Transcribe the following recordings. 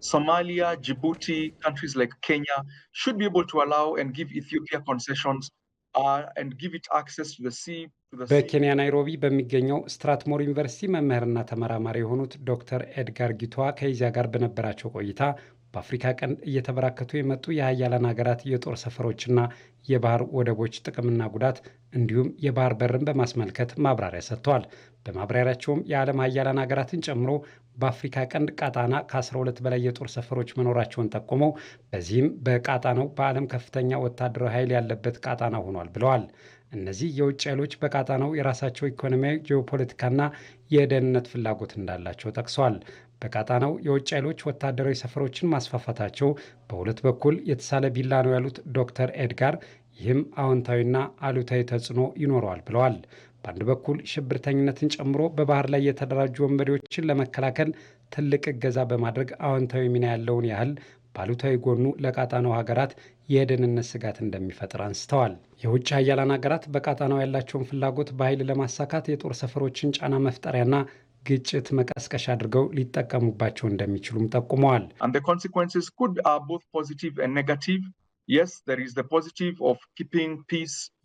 Somalia, Djibouti, countries like Kenya should be able to allow and give Ethiopia concessions uh, and give it access to the sea. በኬንያ ናይሮቢ በሚገኘው ስትራትሞር ዩኒቨርሲቲ መምህርና ተመራማሪ የሆኑት ዶክተር ኤድጋር ጊቷ ከይዚያ ጋር በነበራቸው ቆይታ በአፍሪካ ቀንድ እየተበራከቱ የመጡ የሀያላን ሀገራት የጦር ሰፈሮችና የባህር ወደቦች ጥቅምና ጉዳት እንዲሁም የባህር በርን በማስመልከት ማብራሪያ ሰጥተዋል። በማብራሪያቸውም የዓለም ሀያላን ሀገራትን ጨምሮ በአፍሪካ ቀንድ ቃጣና ከ12 በላይ የጦር ሰፈሮች መኖራቸውን ጠቁመው በዚህም በቃጣናው በዓለም ከፍተኛ ወታደራዊ ኃይል ያለበት ቃጣና ሆኗል ብለዋል። እነዚህ የውጭ ኃይሎች በቃጣናው የራሳቸው ኢኮኖሚያዊ፣ ጂኦፖለቲካና የደህንነት ፍላጎት እንዳላቸው ጠቅሰዋል። በቀጣናው የውጭ ኃይሎች ወታደራዊ ሰፈሮችን ማስፋፋታቸው በሁለት በኩል የተሳለ ቢላ ነው ያሉት ዶክተር ኤድጋር ይህም አዎንታዊና አሉታዊ ተጽዕኖ ይኖረዋል ብለዋል። በአንድ በኩል ሽብርተኝነትን ጨምሮ በባህር ላይ የተደራጁ ወንበዴዎችን ለመከላከል ትልቅ እገዛ በማድረግ አዎንታዊ ሚና ያለውን ያህል ባሉታዊ ጎኑ ለቀጣናው ሀገራት የደህንነት ስጋት እንደሚፈጥር አንስተዋል። የውጭ ሀያላን ሀገራት በቀጣናው ያላቸውን ፍላጎት በኃይል ለማሳካት የጦር ሰፈሮችን ጫና መፍጠሪያና ግጭት መቀስቀሻ አድርገው ሊጠቀሙባቸው እንደሚችሉም ጠቁመዋል።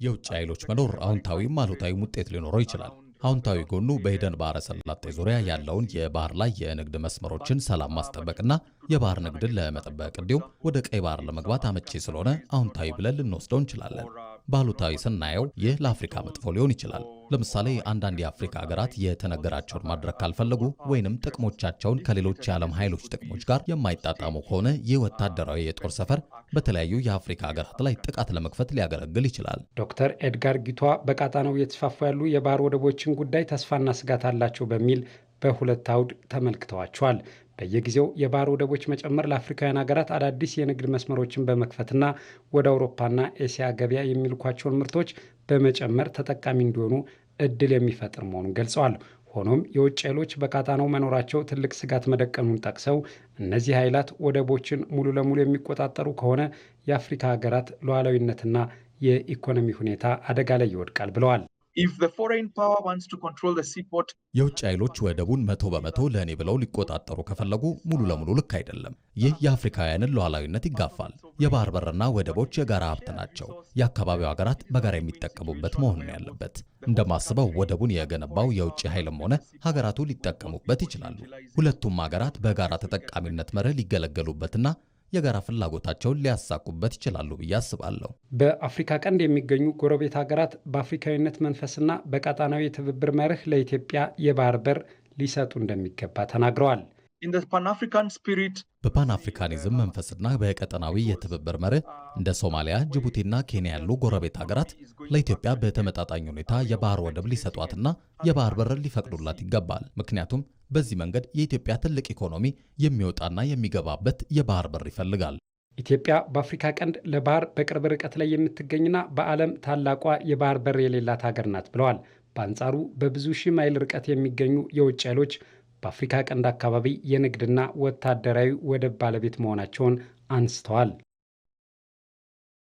የውጭ ኃይሎች መኖር አዎንታዊም አሉታዊም ውጤት ሊኖረው ይችላል። አዎንታዊ ጎኑ በሂደን ባህረ ሰላጤ ዙሪያ ያለውን የባህር ላይ የንግድ መስመሮችን ሰላም ማስጠበቅና የባህር ንግድን ለመጠበቅ እንዲሁም ወደ ቀይ ባህር ለመግባት አመቺ ስለሆነ አዎንታዊ ብለን ልንወስደው እንችላለን። ባሉታዊ ስናየው ይህ ለአፍሪካ መጥፎ ሊሆን ይችላል። ለምሳሌ አንዳንድ የአፍሪካ ሀገራት የተነገራቸውን ማድረግ ካልፈለጉ ወይንም ጥቅሞቻቸውን ከሌሎች የዓለም ኃይሎች ጥቅሞች ጋር የማይጣጣሙ ከሆነ ይህ ወታደራዊ የጦር ሰፈር በተለያዩ የአፍሪካ ሀገራት ላይ ጥቃት ለመክፈት ሊያገለግል ይችላል። ዶክተር ኤድጋር ጊቷ በቀጣናው እየተስፋፉ ያሉ የባህር ወደቦችን ጉዳይ ተስፋና ስጋት አላቸው በሚል በሁለት አውድ ተመልክተዋቸዋል። በየጊዜው የባህር ወደቦች መጨመር ለአፍሪካውያን ሀገራት አዳዲስ የንግድ መስመሮችን በመክፈትና ወደ አውሮፓና ኤስያ ገበያ የሚልኳቸውን ምርቶች በመጨመር ተጠቃሚ እንዲሆኑ እድል የሚፈጥር መሆኑን ገልጸዋል። ሆኖም የውጭ ኃይሎች በቀጣናው መኖራቸው ትልቅ ስጋት መደቀኑን ጠቅሰው እነዚህ ኃይላት ወደቦችን ሙሉ ለሙሉ የሚቆጣጠሩ ከሆነ የአፍሪካ ሀገራት ሉዓላዊነትና የኢኮኖሚ ሁኔታ አደጋ ላይ ይወድቃል ብለዋል። የውጭ ኃይሎች ወደቡን መቶ በመቶ ለእኔ ብለው ሊቆጣጠሩ ከፈለጉ ሙሉ ለሙሉ ልክ አይደለም። ይህ የአፍሪካውያንን ሉዓላዊነት ይጋፋል። የባህር በርና ወደቦች የጋራ ሀብት ናቸው። የአካባቢው ሀገራት በጋራ የሚጠቀሙበት ነው ያለበት። እንደማስበው ወደቡን የገነባው የውጭ ኃይልም ሆነ ሀገራቱ ሊጠቀሙበት ይችላሉ። ሁለቱም ሀገራት በጋራ ተጠቃሚነት መርህ ሊገለገሉበትና የጋራ ፍላጎታቸውን ሊያሳኩበት ይችላሉ ብዬ አስባለሁ። በአፍሪካ ቀንድ የሚገኙ ጎረቤት ሀገራት በአፍሪካዊነት መንፈስና በቀጣናዊ የትብብር መርህ ለኢትዮጵያ የባህር በር ሊሰጡ እንደሚገባ ተናግረዋል። በፓን አፍሪካኒዝም መንፈስና በቀጠናዊ የትብብር መርህ እንደ ሶማሊያ፣ ጅቡቲና ኬንያ ያሉ ጎረቤት ሀገራት ለኢትዮጵያ በተመጣጣኝ ሁኔታ የባህር ወደብ ሊሰጧትና የባህር በር ሊፈቅዱላት ይገባል። ምክንያቱም በዚህ መንገድ የኢትዮጵያ ትልቅ ኢኮኖሚ የሚወጣና የሚገባበት የባህር በር ይፈልጋል። ኢትዮጵያ በአፍሪካ ቀንድ ለባህር በቅርብ ርቀት ላይ የምትገኝና በዓለም ታላቋ የባህር በር የሌላት ሀገር ናት ብለዋል። በአንጻሩ በብዙ ሺህ ማይል ርቀት የሚገኙ የውጭ ኃይሎች በአፍሪካ ቀንድ አካባቢ የንግድና ወታደራዊ ወደብ ባለቤት መሆናቸውን አንስተዋል።